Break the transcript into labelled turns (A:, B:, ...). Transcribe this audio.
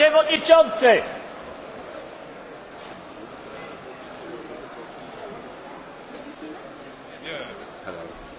A: Przewodniczący!
B: Hello.